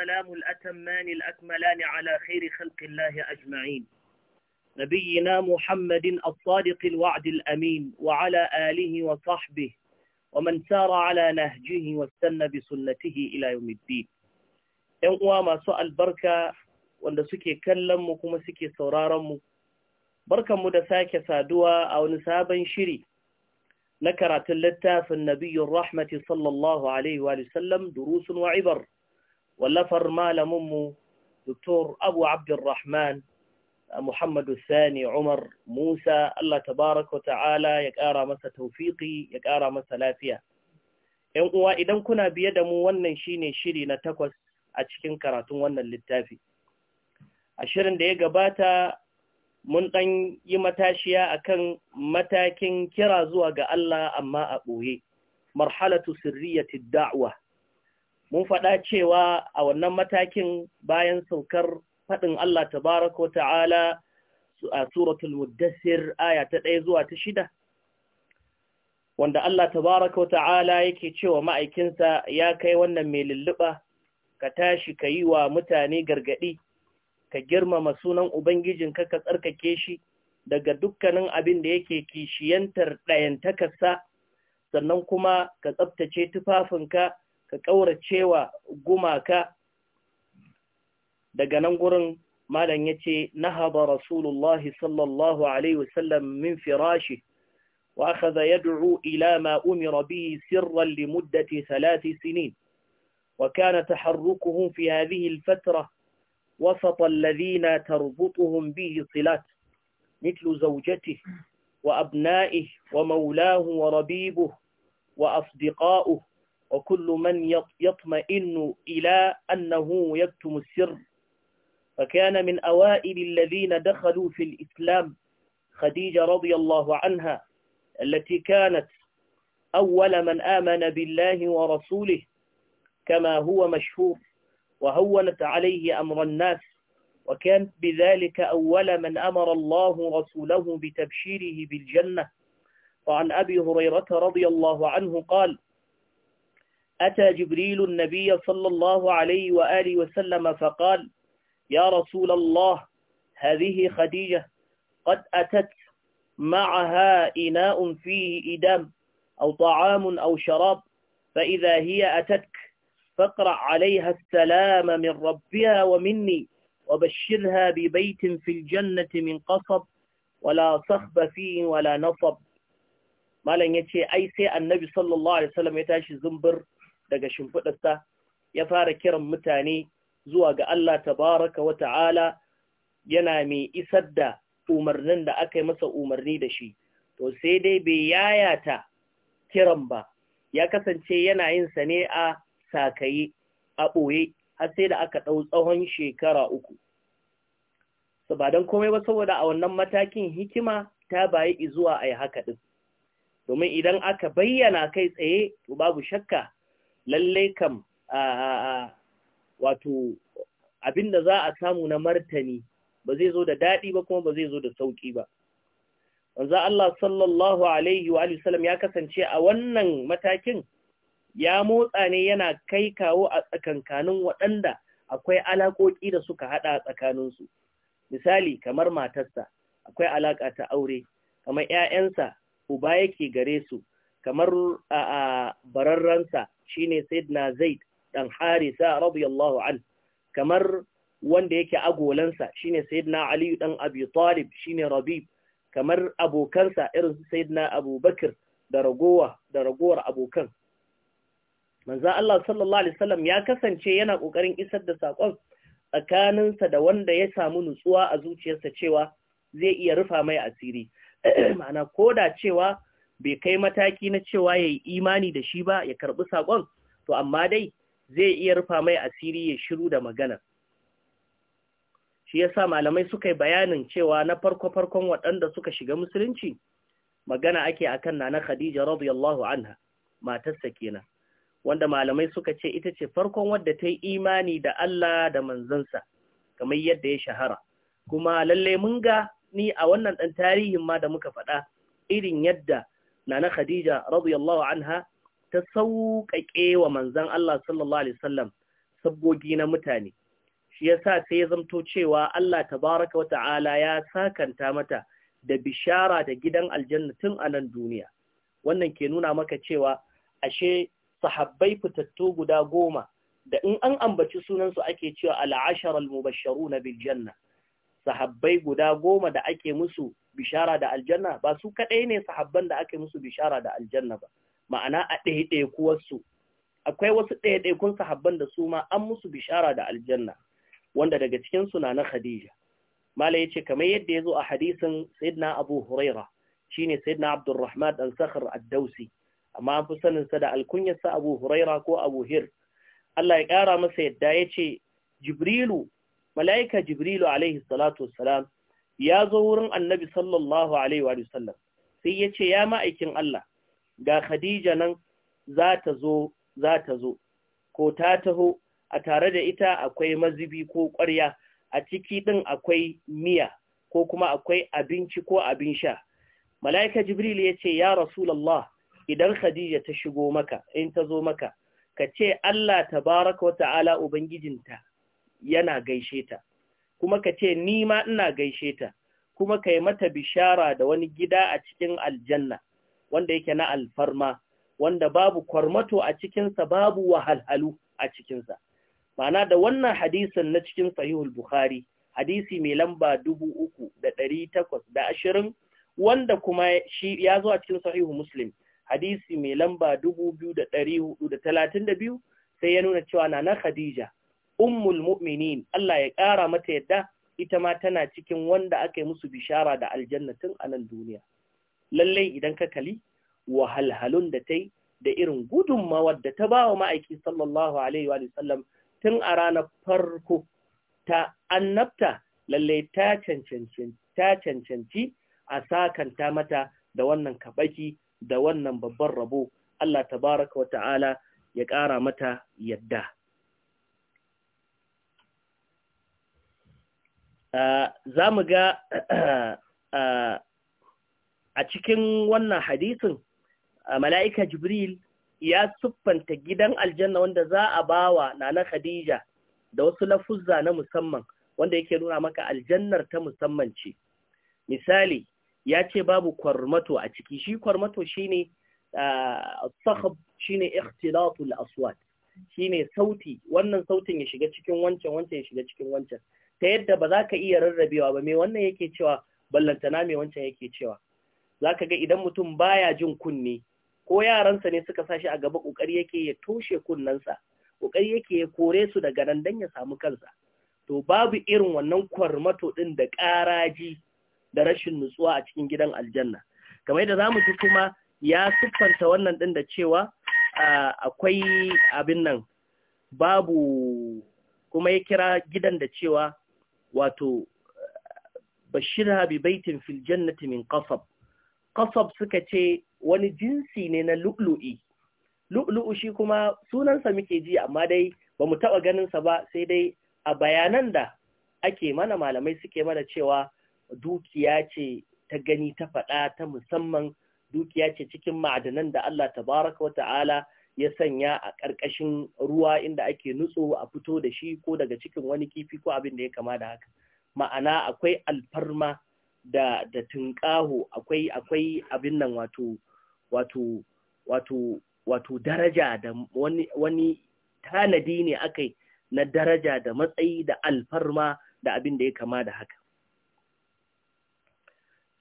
السلام الأتمان الأكملان على خير خلق الله أجمعين نبينا محمد الصادق الوعد الأمين وعلى آله وصحبه ومن سار على نهجه واستنى بسنته إلى يوم الدين إن ما سؤال بركة وأن سكي كلم وكما سكي سرارم بركة مدساك سادوا أو نسابا شري نكرة اللتاف النبي الرحمة صلى الله عليه وآله وسلم دروس وعبر wallafar malaminmu Dr. Abu Abdulrahman Muhammadu Sani Umar Musa Allah tabaraka wa ta'ala ya ƙara masa taufiƙi ya ƙara masa lafiya. ‘Yan uwa idan kuna biye da mu wannan shine shiri na takwas a cikin karatun wannan littafi. A shirin da ya gabata mun ɗan yi matashiya akan matakin kira zuwa ga Allah amma a ɓoye, marhalatu sirriyati da'wa. mun faɗa cewa a wannan matakin bayan saukar faɗin Allah tabaraka ta'ala a suratul muddassir aya ta ɗaya zuwa ta shida wanda Allah tabaraka ta'ala yake cewa ma'aikinsa ya kai wannan mai lulluɓa ka tashi ka yi wa mutane gargaɗi ka girmama sunan ubangijinka ka tsarkake shi daga dukkanin abin da yake kishiyantar ɗayantakarsa sannan kuma ka tsabtace tufafinka ka ƙauracewa gumaka daga nan gurin malam ya ce nahaba rasulullahi sallallahu alaihi wasallam min firashi wa akhadha yad'u ila ma umira bihi sirran li muddati thalathi sinin wa kana taharrukuhum fi hadhihi al-fatra وسط الذين تربطهم به صلات مثل زوجته وأبنائه ومولاه وربيبه وأصدقاؤه وكل من يطمئن إلى أنه يكتم السر فكان من أوائل الذين دخلوا في الإسلام خديجة رضي الله عنها التي كانت أول من آمن بالله ورسوله كما هو مشهور وهونت عليه أمر الناس وكانت بذلك أول من أمر الله رسوله بتبشيره بالجنة وعن أبي هريرة رضي الله عنه قال أتى جبريل النبي صلى الله عليه وآله وسلم فقال يا رسول الله هذه خديجة قد أتت معها إناء فيه إدام أو طعام أو شراب فإذا هي أتتك فاقرأ عليها السلام من ربها ومني وبشرها ببيت في الجنة من قصب ولا صخب فيه ولا نصب ما لن يتشي أي سيء النبي صلى الله عليه وسلم يتاشي زنبر daga shimfiɗarsa ya fara kiran mutane zuwa ga Allah tabaraka wa ta'ala yana mai isar da umarnin da aka yi masa umarni da shi, to sai dai bai yayata kiran ba, ya kasance yana yin sa ne a sakaye, a ɓoye, har sai da aka ɗau tsawon shekara uku. So, ba don komai ba saboda a wannan matakin hikima ta bayi zuwa a yi haka ɗin. Domin idan aka bayyana kai tsaye, to babu shakka lallai kam wato abin da za a samu na martani ba zai zo da daɗi ba kuma ba zai zo da sauƙi ba. Wanzu Allah sallallahu Alaihi wa sallam ya kasance a wannan matakin ya motsa ne yana kai kawo a tsakankanin waɗanda akwai alaƙoƙi da suka haɗa a tsakaninsu. Misali, kamar matarsa, akwai alaƙa ta aure, kamar ‘ya'yansa, uba yake gare su, kamar a bararransa, shine sayyidina zaid dan harisa yallahu an kamar wanda yake agolansa shine na Aliyu ɗan abi talib shine rabib kamar abokansa irin sayyidina abubakar da ragowa da ragowar abokan Manza Allah sallallahu alaihi wasallam ya kasance yana ƙoƙarin isar da saƙon tsakaninsa da wanda ya samu nutsuwa a zuciyarsa cewa zai iya rufa mai asiri ma'ana koda cewa bai kai mataki na cewa ya yi imani da shi ba ya karɓi sakon? to amma dai zai iya rufa mai asiri ya shiru da magana shi ya sa malamai suka yi bayanin cewa na farko-farkon waɗanda suka shiga musulunci magana ake akan nana Khadija radiyallahu anha matarsa kenan wanda malamai suka ce ita ce farkon wadda ta yi imani da Allah da manzansa kamar yadda ya shahara kuma lalle mun ga ni a wannan ɗan tarihin ma da muka faɗa irin yadda nana Khadija radiyallahu anha ta sauƙaƙe wa manzon Allah sallallahu alaihi wasallam sabbogi na mutane shi yasa sai ya zamto cewa Allah tabaraka wata'ala ya sakanta mata da bishara da gidan aljanna tun a nan duniya wannan ke nuna maka cewa ashe sahabbai fitattu guda goma da in an ambaci sunansu ake cewa al'ashar al-mubashsharuna bil janna sahabbai guda goma da ake musu bishara da aljanna ba su kaɗai ne sahabban da aka musu bishara da aljanna ba ma'ana a ɗaiɗaikuwarsu akwai wasu ɗaiɗaikun sahabban da su ma an musu bishara da aljanna wanda daga cikinsu na na khadija mala ya ce kamar yadda ya zo a hadisin sayyidina abu huraira shine sayyidina abdurrahman dan sakhr ad-dausi amma an fi sanin sa da sa abu huraira ko abu hir Allah ya kara masa yadda ya ce jibrilu mala'ika jibrilu alaihi salatu wassalam ya zo wurin annabi sallallahu alaihi wa sallam sai ya ce ya ma'aikin Allah ga Khadija nan za ta zo za ta zo ko ta taho a tare da ita akwai mazibi ko ƙwarya a ciki ɗin akwai miya ko kuma akwai abinci ko abin sha mala'ika jibril ya ce ya rasulallah idan khadija ta shigo maka in ta zo maka ka ce Allah tabaraka wa ta'ala ubangijinta yana gaishe ta kuma ka ce ni ma ina gaishe ta kuma ka yi mata bishara da wani gida a cikin aljanna wanda yake na alfarma wanda babu kwarmato a cikinsa babu wahalhalu a cikinsa ma'ana da wannan hadisin na cikin sahihul bukhari hadisi mai lamba dubu uku da ɗari takwas da ashirin wanda kuma shi ya zo a cikin sahihu muslim hadisi mai lamba dubu biyu da ɗari hudu da talatin da biyu sai ya nuna cewa na na khadija ummul mu'minin Allah ya ƙara mata yadda ita ma tana cikin wanda aka yi musu bishara da aljanna tun a nan duniya lallai idan ka kali wahalhalun da ta yi da irin gudunmawar da ta ba wa ma'aiki sallallahu alaihi wa sallam tun a ranar farko ta annabta lallai ta cancanci a sakanta mata da wannan kaɓaki da wannan babban rabo Allah tabaraka wa ta'ala ya ƙara mata yadda. Eh, za mu ga eh, a cikin wannan hadisin eh, mala'ika jibril ya siffanta gidan aljanna wanda za a ba wa nana khadija da wasu lafuzza na musamman wanda yake nuna maka aljannar ta musamman ce misali ya ce babu kwarmato a ciki shi kwarmato ne sahab ne ikhtilatul Shi ne sauti wannan sautin ya shiga cikin wancan wancan ya shiga cikin wancan ta yadda ba za ka iya rarrabewa ba me wannan yake cewa ballantana me wancan yake cewa za ka ga idan mutum baya jin kunne ko yaransa ne suka sashi a gaba ƙoƙari yake ya toshe kunnensa ƙoƙari yake ya kore su daga nan dan ya samu kansa to babu irin wannan kwarmato ɗin da ƙaraji da rashin nutsuwa a cikin gidan aljanna kamar yadda zamu ji kuma ya siffanta wannan ɗin da cewa akwai abin nan babu kuma ya kira gidan da cewa wato bashirha bi baitin fil min qasab qasab suka ce wani jinsi ne na lu'lu'i lu'lu'u shi kuma sunansa muke ji amma dai ba mu taɓa ganinsa ba sai dai a bayanan da ake mana malamai suke mana cewa dukiya ce ta gani ta faɗa ta musamman dukiya ce cikin ma'adanan da Allah tabaraka wa ta'ala ya sanya a ƙarƙashin ruwa inda ake nutso a fito da shi ko daga cikin wani kifi ko abin da ya kama da haka ma'ana akwai alfarma da da tunƙaho akwai akwai abin nan wato wato wato wato daraja da wani wani tanadi ne akai na daraja da matsayi da alfarma da abin da ya kama da haka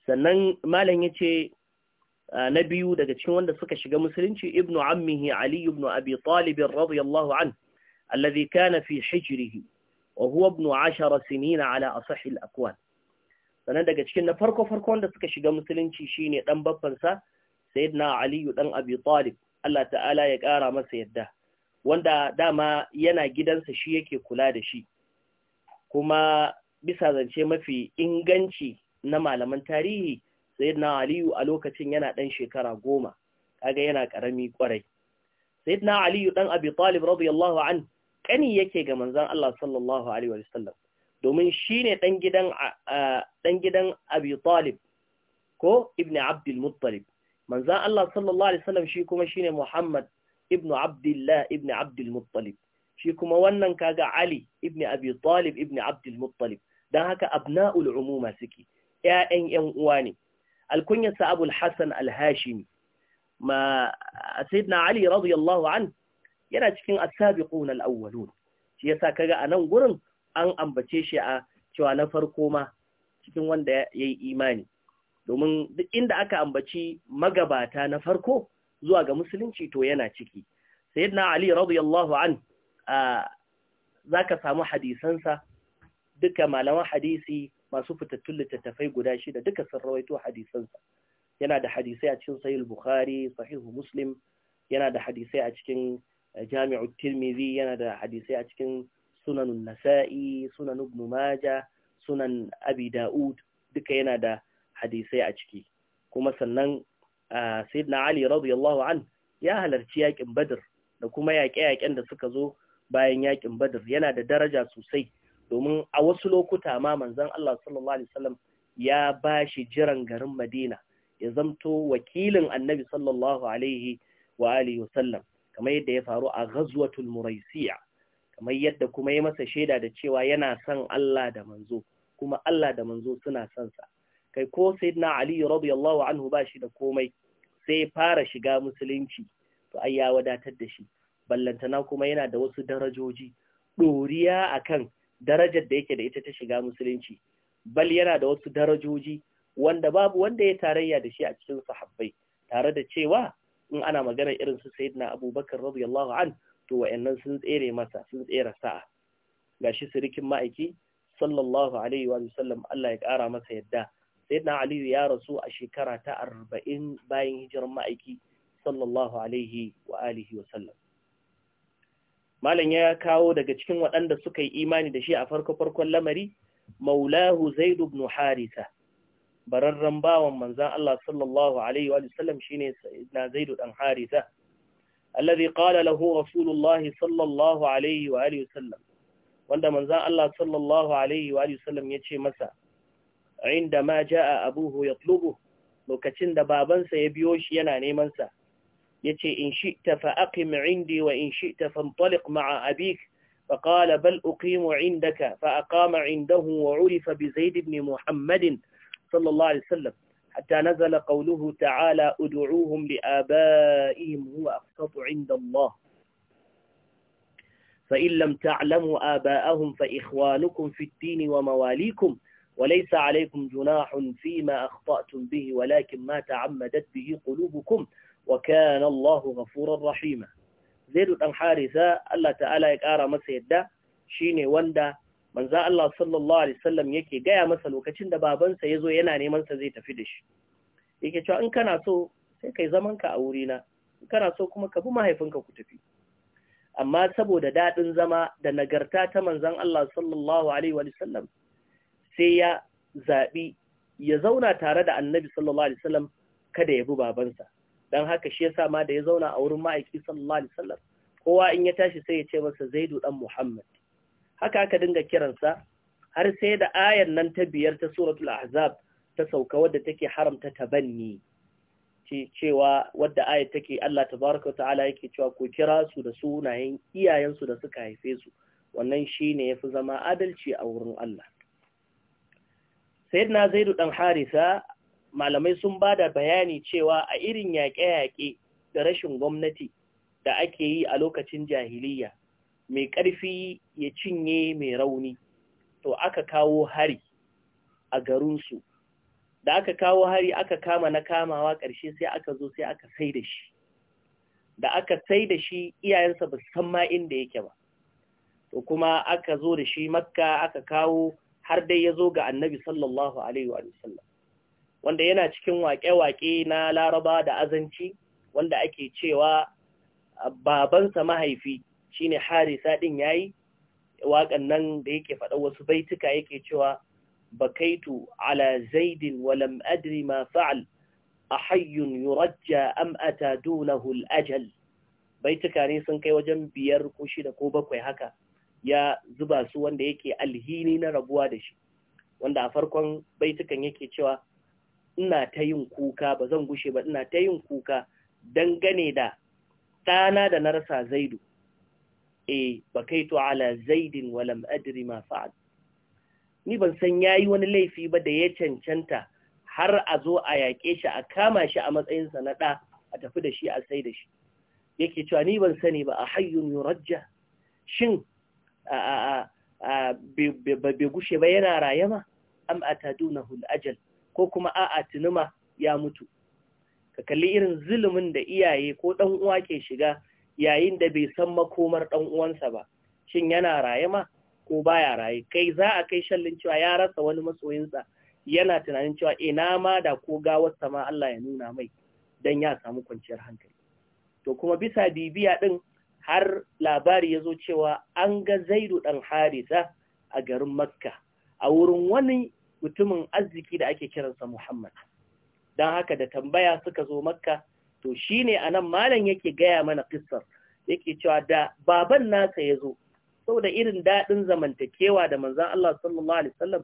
sannan malam ya ce na biyu daga cikin wanda suka shiga musulunci ibnu ammihi ali ibn abi talib radiyallahu an alladhi kana fi hijrihi wa huwa ibn 10 sinina ala asahil aqwal sanan daga cikin na farko farko wanda suka shiga musulunci shine dan babban sa sayyidina ali dan abi talib Allah ta'ala ya kara masa yadda wanda dama yana gidansa shi yake kula da shi kuma bisa zance mafi inganci na malaman tarihi na aliyu a lokacin yana ɗan shekara goma kaga yana ƙarami ƙwarai na aliyu ɗan abi talib radiyallahu an ƙani yake ga manzan Allah sallallahu alaihi wa sallam domin shi ne ɗan gidan abi talib ko ibn abdul muttalib manzan Allah sallallahu alaihi wa sallam shi kuma shi ne muhammad ibn abdullah ibn abdul muttalib shi kuma wannan kaga ali ibn abi talib ibn abdul muttalib dan haka abna'ul umuma suke ya'yan 'yan uwa ne alkunyarsa abul hassan alhashimi ma sayyidina ali radiyallahu an yana cikin as-sabiquna awwalu shi yasa kaga a nan gurin an ambace shi a cewa na farko ma cikin wanda yayi imani domin duk inda aka ambaci magabata na farko zuwa ga musulunci to yana ciki sayyidina ali radiyallahu an zaka samu hadisansa duka malaman hadisi masu fitattun littattafai guda shida duka sun rawaito hadisansa yana da hadisai a cikin sahih bukhari sahihu muslim yana da hadisai a cikin eh, jami'u tirmidhi yana da hadisai a cikin sunan nasa'i sunan ibn majah sunan abi da'ud duka yana da hadisai a ciki kuma sannan ah, sayyidina ali radiyallahu an ya halarci yakin badr da kuma yaƙe-yaƙen da suka zo bayan yakin badr yana da daraja sosai domin a wasu lokuta ma manzon Allah sallallahu alaihi wasallam ya ba shi jiran garin Madina ya zamto wakilin Annabi sallallahu alaihi wa alihi wasallam kamar yadda ya faru a Ghazwatul Muraisiya kamar yadda kuma ya masa shaida da cewa yana son Allah da manzo kuma Allah da manzo suna son sa kai ko sayyidina Ali radiyallahu anhu shi da komai sai fara shiga musulunci to ai ya wadatar da shi ballantana kuma yana da wasu darajoji doriya akan darajar da yake da ita ta shiga musulunci bal yana da wasu darajoji wanda babu wanda ya tarayya da shi a cikin sahabbai tare da cewa in ana magana irin su sayyidina abubakar radiyallahu an to wayannan sun tsere masa sun tsere sa'a gashi sirikin ma'aiki sallallahu alaihi wa sallam Allah ya kara masa yadda sayyidina aliyu ya rasu a shekara ta 40 bayan hijirar ma'aiki sallallahu alaihi wa alihi wa sallam malam ya kawo daga cikin waɗanda suka yi imani da shi a farko-farkon lamari maulahu zaidu ibn harisa bararren bawan manzan Allah sallallahu alaihi wa sallam shine na zaidu dan harisa alladhi qala lahu Rasulullahi sallallahu alaihi wa sallam wanda manzan Allah sallallahu alaihi wa sallam yace masa inda ma jaa abuhu yatlubu lokacin da babansa ya biyo shi yana neman sa يتي إن شئت فأقم عندي وإن شئت فانطلق مع أبيك فقال بل أقيم عندك فأقام عنده وعرف بزيد بن محمد صلى الله عليه وسلم حتى نزل قوله تعالى أدعوهم لآبائهم هو أقسط عند الله فإن لم تعلموا آباءهم فإخوانكم في الدين ومواليكم وليس عليكم جناح فيما أخطأتم به ولكن ما تعمدت به قلوبكم wa kana Allahu ghafurur rahima zaidu dan harisa Allah ta'ala ya kara masa yadda shine wanda manzo Allah sallallahu alaihi wasallam yake gaya masa lokacin da babansa yazo yana neman sa zai tafi da shi yake cewa in kana so sai kai zaman ka a wurina in kana so kuma ka bi mahaifinka ku tafi amma saboda dadin zama da nagarta ta manzon Allah sallallahu alaihi wasallam sai ya zabi ya zauna tare da annabi sallallahu alaihi wasallam kada ya bi babansa dan haka shi yasa ma da ya zauna a wurin ma'aiki sallallahu alaihi wasallam kowa in ya tashi sai ya ce masa zaidu dan muhammad haka aka dinga kiransa har sai da ayar nan ta biyar ta suratul ahzab ta sauka wadda take haramta tabanni cewa wadda ayar take Allah tabaraka ta'ala yake cewa ko kira su da sunayen iyayensu da suka haife su wannan shine yafi zama adalci a wurin Allah sayyidina zaidu dan harisa malamai sun ba da bayani cewa a irin yaƙe-yaƙe da rashin gwamnati da ake yi a lokacin jahiliya mai ƙarfi ya cinye mai rauni to aka kawo hari a garinsu da aka kawo hari aka kama na kamawa ƙarshe sai aka zo sai aka sai da shi da aka sai da shi iyayensa ba san ma inda yake ba to kuma aka zo da shi makka aka kawo har dai ya zo ga annabi sallallahu alaihi wa sallam wanda yana cikin waƙe-waƙe na laraba da azanci wanda ake cewa babansa mahaifi shine harisa ɗin yayi waƙan nan da yake faɗa wasu baituka yake cewa bakaitu ala zaidin walam adri ma fa'al ahayyun yurajja am ata al-ajal baituka ne sun kai wajen biyar ko shida ko bakwai haka ya zuba su wanda yake alhini na rabuwa da shi wanda a farkon baitukan yake cewa ina ta yin kuka ba zan gushe ba ina ta yin kuka dangane da ɗana da na rasa zaidu e ba kai to ala zaidin walam adri ma fa'ad ni ban san yayi wani laifi ba da ya cancanta har a zo a yaƙe shi a kama shi a sa na ɗa a tafi da shi a sai da shi yake cewa ni ban sani ba a hayyun yurajja shin a bai gushe ba yana rayama am atadunahu hul ajal ko kuma a'a tunuma ya mutu ka kalli irin zulumin da iyaye ko ɗan uwa ke shiga yayin da bai san makomar ɗan uwansa ba shin yana raye ma ko baya raye kai za a kai shallin cewa ya rasa wani matsoyinsa yana tunanin cewa ina ma da ko gawarsa ma Allah ya nuna mai dan ya samu kwanciyar hankali to kuma bisa bibiya din har labari ya zo cewa an ga zaidu Dan harisa a garin makka a wurin wani mutumin arziki da ake kiransa Muhammad. Don haka da tambaya suka zo makka, to shi ne a nan malam yake gaya mana kissar, yake cewa da baban nasa ya zo, saboda irin daɗin zamantakewa da manzan Allah sallallahu Alaihi wasallam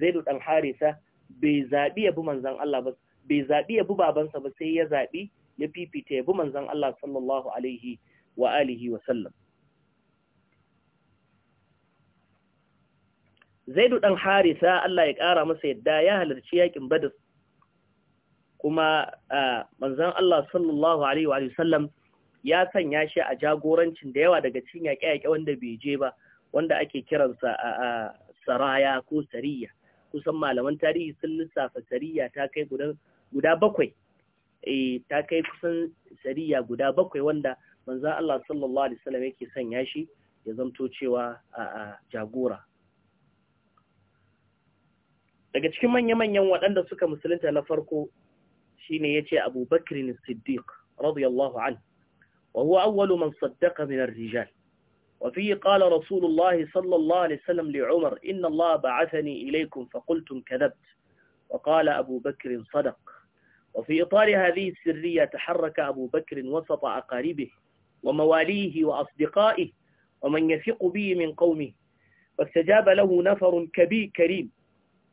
Zaidu ɗan Harisa bai zaɓi ya bi manzan Allah ba, bai zaɓi ya bi babansa ba sai ya zaɓi ya fifita ya bi manzan Allah sallallahu Alaihi wa alihi wa sallam. zaidu ɗan harisa Allah ya ƙara masa yadda ya halarci yaƙin badar kuma manzan Allah sallallahu alaihi wa sallam ya sanya shi a jagorancin da yawa daga cikin yaƙe-yaƙe wanda bai je ba wanda ake kiransa a saraya ko sariya kusan malaman tarihi sun lissafa sariya ta kai guda bakwai eh ta kai kusan sariya guda bakwai wanda manzan Allah sallallahu alaihi wa sallam yake sanya shi ya zamto cewa a jagora daga cikin manya-manyan waɗanda suka musulunta na farko shine yace Abu Bakr as-Siddiq radiyallahu anhu wa huwa awwalu man saddaqa min ar-rijal wa fi qala Rasulullah sallallahu alaihi wasallam li Umar inna Allah ba'athani ilaykum fa qultum kadhabt wa qala Abu Bakr sadaq wa fi itar hadhihi وفي إطار هذه السرية تحرك أبو بكر وسط أقاربه ومواليه وأصدقائه ومن يثق به من قومه فاستجاب له نفر كبير كريم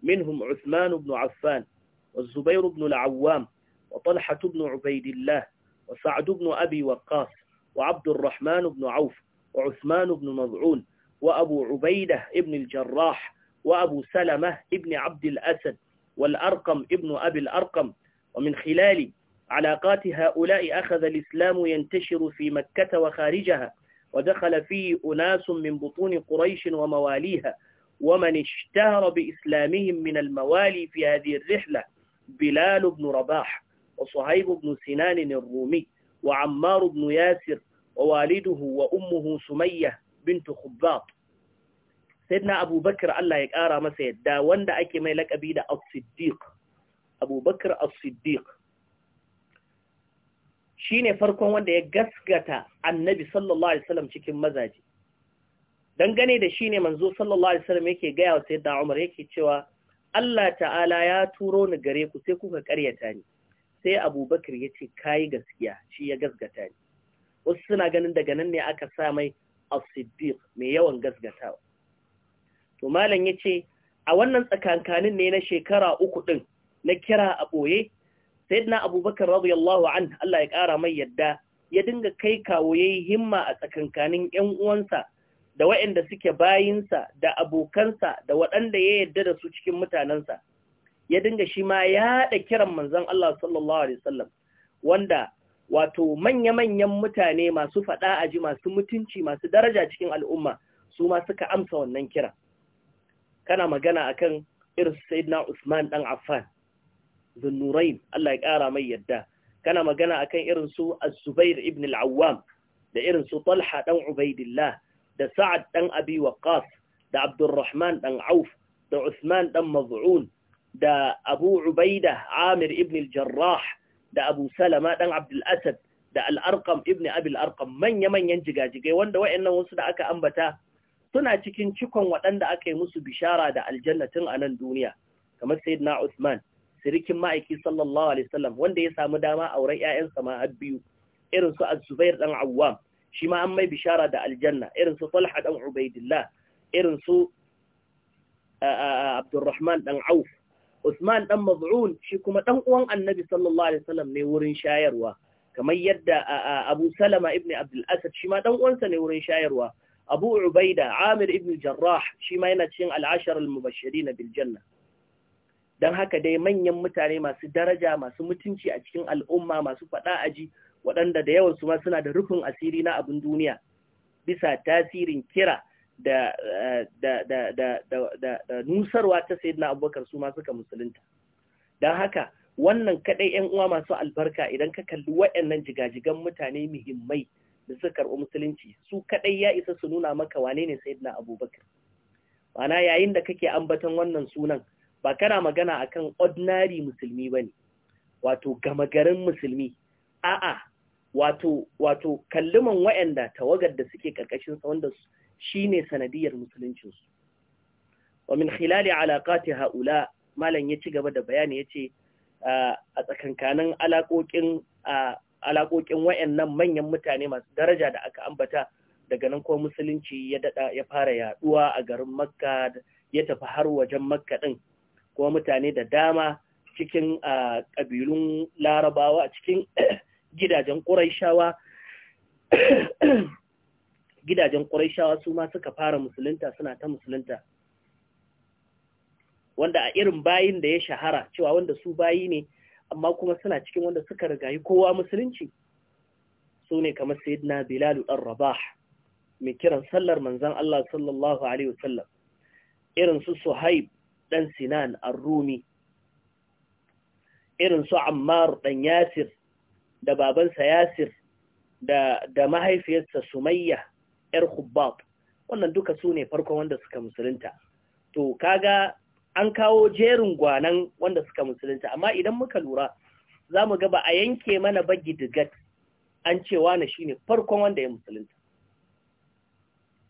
منهم عثمان بن عفان والزبير بن العوام وطلحة بن عبيد الله وسعد بن أبي وقاص وعبد الرحمن بن عوف وعثمان بن مضعون وأبو عبيدة ابن الجراح وأبو سلمة ابن عبد الأسد والأرقم ابن أبي الأرقم ومن خلال علاقات هؤلاء أخذ الإسلام ينتشر في مكة وخارجها ودخل فيه أناس من بطون قريش ومواليها ومن اشتهر بإسلامهم من الموالي في هذه الرحلة بلال بن رباح وصهيب بن سنان الرومي وعمار بن ياسر ووالده وأمه سمية بنت خباط سيدنا أبو بكر الله يكارى ما سيدا واندا أكي ما لك أبيدا الصديق أبو بكر الصديق shine farkon wanda ya gaskata صلى الله عليه وسلم cikin مزاجي dangane da shi ne manzo sallallahu alaihi wasallam yake gaya wa da Umar yake cewa Allah ta'ala ya turo ni gare ku sai kuka karyata ni sai Abubakar yace kai gaskiya shi ya gasgata ni wasu suna ganin daga nan ne aka sa mai as-siddiq mai yawan gasgatawa to malam yace a wannan tsakankanin ne na shekara uku din na kira a boye sayyidina Abubakar radiyallahu anhu Allah ya kara mai yadda ya dinga kai kawo himma a tsakankanin ƴan uwansa da waɗanda suke bayinsa da abokansa da waɗanda ya yarda da su cikin mutanensa ya dinga shi ma ya haɗa kiran manzan Allah sallallahu alaihi wasallam wanda wato manya-manyan mutane masu faɗa a ji masu mutunci masu daraja cikin al'umma su ma suka amsa wannan kiran. kana magana akan irin sayyidina Usman dan Affan Zunnurain Allah ya ƙara mai yadda kana magana akan irin su Az-Zubair ibn al-Awwam da irin su Talha dan Ubaidillah da Sa'ad ɗan Abi Waqqas da Abdurrahman dan Auf da Usman dan Maz'un da Abu Ubaida Amir ibn al-Jarrah da Abu Salama ɗan Abdul Asad da Al-Arqam ibn Abi al-Arqam manya-manyan jigajigai wanda wayannan wasu da aka ambata suna cikin cikon waɗanda aka yi musu bishara da aljannatin a nan duniya kamar Sayyidina Usman sirikin ma'aiki sallallahu alaihi wasallam wanda ya samu dama auren ƴaƴansa ma har biyu irin su Az-Zubair ɗan Awwam shi ma an mai bishara da aljanna irin su Talha dan Ubaidillah irin su Abdurrahman dan Auf Usman dan Maz'un shi kuma dan uwan Annabi sallallahu alaihi wasallam ne wurin shayarwa kamar yadda Abu Salama ibn Abdul Asad shi ma dan uwansa ne wurin shayarwa Abu Ubaida Amir ibn Jarrah shi ma yana cikin al-ashar al-mubashirin bil janna dan haka dai manyan mutane masu daraja masu mutunci a cikin al'umma masu fada aji waɗanda da yawansu ma suna da rufin asiri na abin duniya bisa tasirin kira da nusarwa ta sayyidina abubakar su ma suka musulunta don haka wannan kaɗai yan uwa masu albarka idan ka kalli waɗannan jigajigan mutane muhimmai da suka karɓi musulunci su kaɗai ya isa su nuna maka wane ne sayyidina abubakar ma'ana yayin da kake ambaton wannan sunan ba kana magana akan ordinary musulmi bane wato gama garin musulmi a'a wato wato kalluman waɗanda tawagar da suke karkashin sa wanda shine sanadiyar musuluncin su wa min khilali alaqati haula malan ya ci gaba da bayani yace a tsakankanin alaƙoƙin alaƙoƙin waɗannan manyan mutane masu daraja da aka ambata daga nan kuma musulunci ya dada ya fara yaduwa a garin makka ya tafi har wajen makka din kuma mutane da dama cikin ƙabilun larabawa cikin gidajen ƙuraishawa gidajen ƙuraishawa su ma suka fara musulunta suna ta musulunta wanda a irin bayin da ya shahara cewa wanda su bayi ne amma kuma suna cikin wanda suka rigayi kowa musulunci su ne kamar sayyidina bilalu ɗan rabah mai kiran sallar manzan Allah sallallahu Alaihi wasallam irin su suhaib ɗan sinan an rumi irin su ammar ɗan yasir da babansa Yasir da da mahaifiyarsa Sumayya yar Hubbab wannan duka su ne farko wanda suka musulunta to kaga an kawo jerin gwanan wanda suka musulunta amma idan muka lura za mu gaba a yanke mana bagi digat an cewa na shine farkon wanda ya musulunta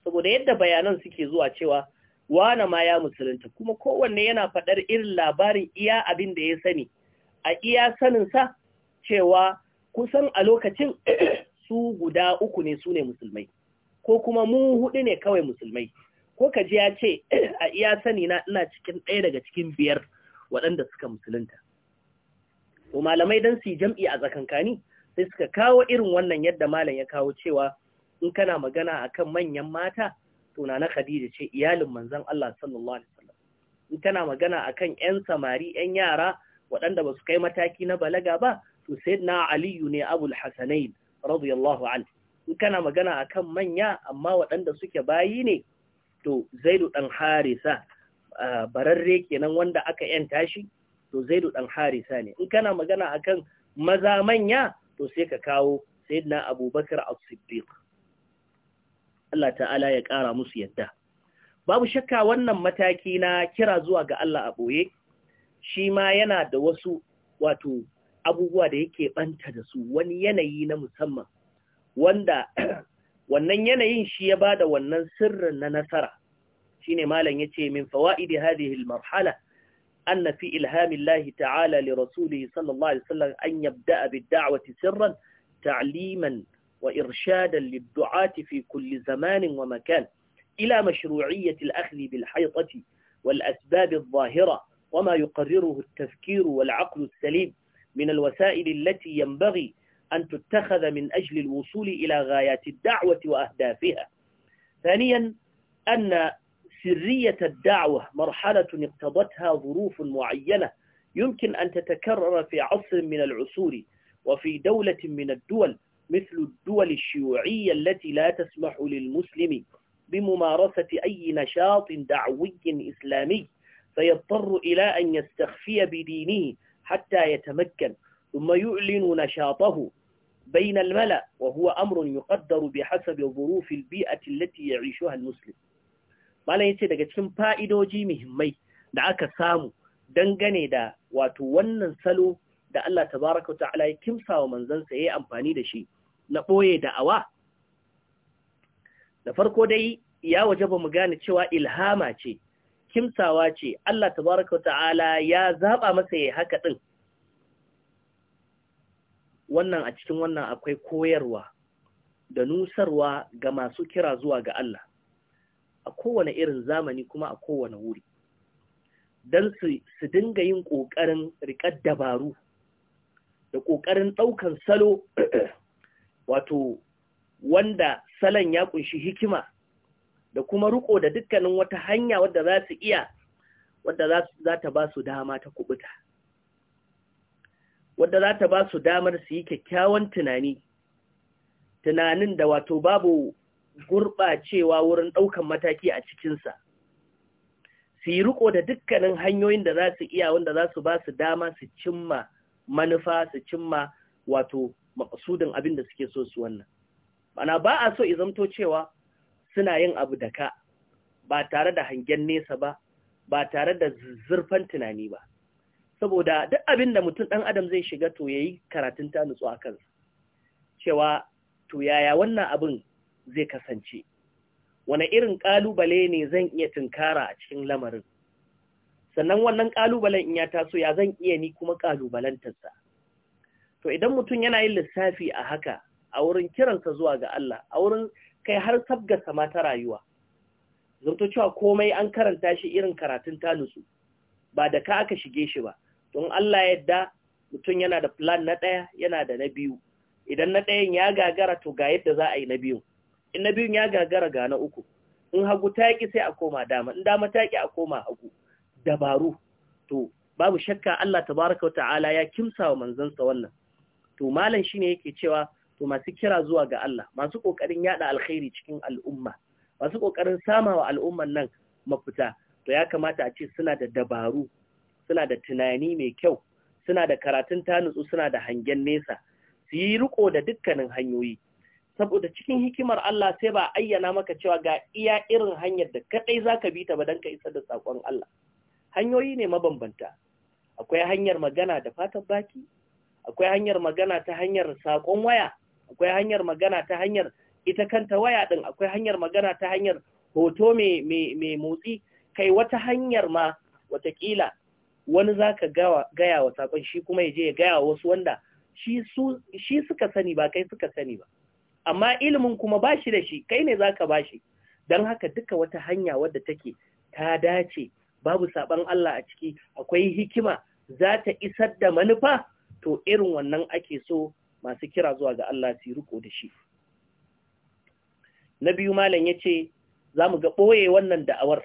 saboda yadda bayanan suke zuwa cewa wane ma ya musulunta kuma kowanne yana faɗar irin labarin iya abin da ya sani a iya saninsa cewa kusan a lokacin su guda uku ne su ne musulmai ko kuma mu hudu ne kawai musulmai ko ka ji ya ce a iya sani na ina cikin ɗaya daga cikin biyar waɗanda suka musulunta to malamai don su jam'i a tsakankani sai suka kawo irin wannan yadda malam ya kawo cewa in kana magana akan manyan mata to na Khadija ce iyalin manzan Allah sallallahu alaihi wasallam in kana magana akan yan samari yan yara waɗanda ba su kai mataki na balaga ba to sayyidina aliyu ne abul hasanain radiyallahu an in kana magana akan manya amma waɗanda suke bayi ne to zaidu dan harisa bararre kenan wanda aka yan tashi. to zaidu dan harisa ne in kana magana akan maza manya to sai ka kawo sayyidina abubakar as-siddiq Allah ta'ala ya ƙara musu yadda babu shakka wannan mataki na kira zuwa ga Allah a boye shi ma yana da wasu wato abubuwa da yake banta da su wani yanayi na musamman wanda wannan yanayin shi ya bada wannan sirrin na nasara shine malam yace min fawaidi hadhihi almarhala anna fi ilhami ilhamillahi ta'ala li rasulihi sallallahu alaihi wasallam an yabda bid-da'wati sirran ta'liman wa irshadan lid-du'ati fi kulli zamanin wa makan ila mashru'iyyati al-akhdhi bil-haytati wal-asbab adh-dhahira at-tafkir wal 'aql والعقل salim من الوسائل التي ينبغي أن تتخذ من أجل الوصول إلى غايات الدعوة وأهدافها ثانيا أن سرية الدعوة مرحلة اقتضتها ظروف معينة يمكن أن تتكرر في عصر من العصور وفي دولة من الدول مثل الدول الشيوعية التي لا تسمح للمسلم بممارسة أي نشاط دعوي إسلامي فيضطر إلى أن يستخفي بدينه حتى يتمكن ثم يعلن نشاطه بين الملأ وهو أمر يقدر بحسب ظروف البيئة التي يعيشها المسلم malam yace daga cikin fa'idoji muhimmai da aka samu dangane da wato wannan salo da Allah tabaraka ta'ala ya kimsawa manzansa yayi amfani da shi na boye awa? da farko dai ya wajaba mu gane cewa ilhama ce kimsawa ce Allah tabaraka ta'ala ya zaba masa yayi haka din wannan a cikin wannan akwai koyarwa da nusarwa ga masu kira zuwa ga Allah a kowane irin zamani kuma a kowane wuri don su dinga yin ƙoƙarin riƙar dabaru da ƙoƙarin ɗaukan salo wato wanda salon ya ƙunshi hikima da kuma ruko da dukkanin wata hanya wadda za su iya wadda za ta ba su dama ta kubuta wadda za ta ba su damar su yi kyakkyawan tunani tunanin da wato babu gurɓacewa wurin ɗaukan mataki a cikinsa su yi ruko da dukkanin hanyoyin da za su iya wanda za su ba su dama su cimma manufa su cimma wato makasudin abin da suke so su wannan Bana ba a so izamto cewa suna yin abu da ka ba tare da hangen nesa ba ba tare da zurfan tunani ba saboda duk abin da mutum ɗan adam zai shiga to ya yi karatun ta nutsu a kansa cewa to yaya wannan abin zai kasance wane irin ƙalubale ne zan iya tunkara a cikin lamarin sannan wannan ƙalubalen in ya taso ya zan iya ni kuma ƙalubalantarsa to idan mutum yana yin lissafi a haka a wurin kiransa zuwa ga Allah a wurin kai har sabga sama ta rayuwa zato cewa komai an karanta shi irin karatun tanusu ba da ka aka shige shi ba don Allah yadda mutum yana da plan na ɗaya yana da na biyu idan na ɗayan ya gagara to ga yadda za a yi na biyu in na biyun ya gagara ga na uku in hagu ta yaƙi sai a koma dama in dama ta yaƙi a koma hagu dabaru to babu shakka Allah tabaraka wa ta'ala ya kimsa wa manzansa wannan to malam shine yake cewa to masu kira zuwa ga Allah masu ƙoƙarin yada alkhairi cikin al'umma masu kokarin samawa al'umman nan mafita to ya kamata a ce suna da dabaru suna da tunani mai kyau suna da karatun ta nutsu, suna da hangen nesa su yi riko da dukkanin hanyoyi saboda cikin hikimar Allah sai ba ayyana maka cewa ga iya irin hanyar da kadai zaka bi ta ba dan ka isa da sakon Allah hanyoyi ne mabambanta akwai hanyar magana da fatan baki akwai hanyar magana ta hanyar saƙon waya akwai hanyar magana ta hanyar ita kanta waya ɗin akwai hanyar magana ta hanyar hoto mai motsi kai wata hanyar ma watakila wani za ka gaya wa saƙon shi kuma ya je ya gaya wasu wanda shi suka sani ba kai suka sani ba amma ilimin kuma bashi da shi kai ne za ka ba shi don haka duka wata hanya wadda take ta dace babu saɓon Allah a ciki akwai hikima za ta isar da manufa to irin wannan ake so masu kira zuwa ga Allah su yi riko da shi na biyu malam ya ce za mu ga ɓoye wannan da'awar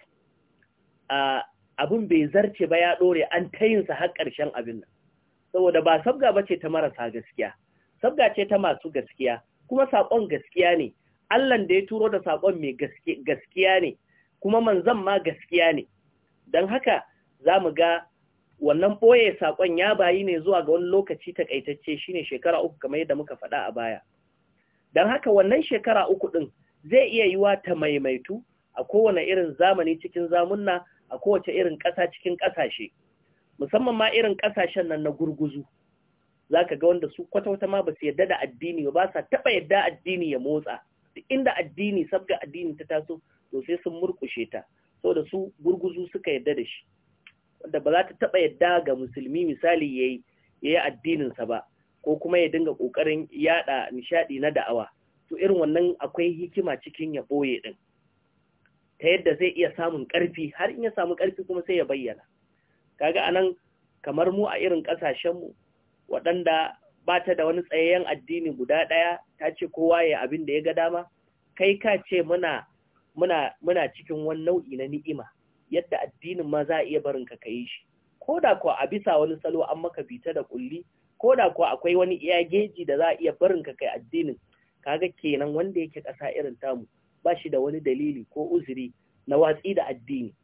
a bai zarce ba ya ɗore an ta sa har ƙarshen abin nan saboda ba sabga ba ce ta marasa gaskiya sabga ce ta masu gaskiya kuma saƙon gaskiya ne Allah da ya turo da saƙon mai gaskiya ne kuma zan ma gaskiya ne don haka za mu ga wannan boye sakon ya bayi ne zuwa ga wani lokaci takaitacce shine shekara uku kamar yadda muka faɗa a baya don haka wannan shekara uku ɗin zai iya yiwa ta maimaitu a kowane irin zamani cikin zamunna a kowace irin ƙasa cikin ƙasashe musamman ma irin ƙasashen nan na gurguzu za ka ga wanda su kwata-kwata ma ba su yadda da addini ba sa taɓa yadda addini ya motsa duk inda addini sabga addini ta taso to sai sun murkushe ta saboda su gurguzu suka yadda da shi wanda ba za ta taɓa yadda ga musulmi misali ya yi addininsa ba ko kuma ya dinga ƙoƙarin yaɗa nishaɗi na da'awa to irin wannan akwai hikima cikin ya ɓoye ɗin ta yadda zai iya samun ƙarfi har in ya samu ƙarfi kuma sai ya bayyana kaga anan kamar mu a irin ƙasashenmu waɗanda ba ta da wani tsayayyen addini guda ɗaya ta ce kowa ya abin da ya ga dama kai ka ce muna muna cikin wani nau'i na ni'ima yadda addinin ma za a iya barin ka kayi shi ko da kuwa a bisa wani salo an maka bita da kulli ko da kuwa akwai wani iya geji da za a iya barin ka kai addinin kaga kenan wanda yake ƙasa irin tamu ba shi da wani dalili ko uzuri na watsi da addini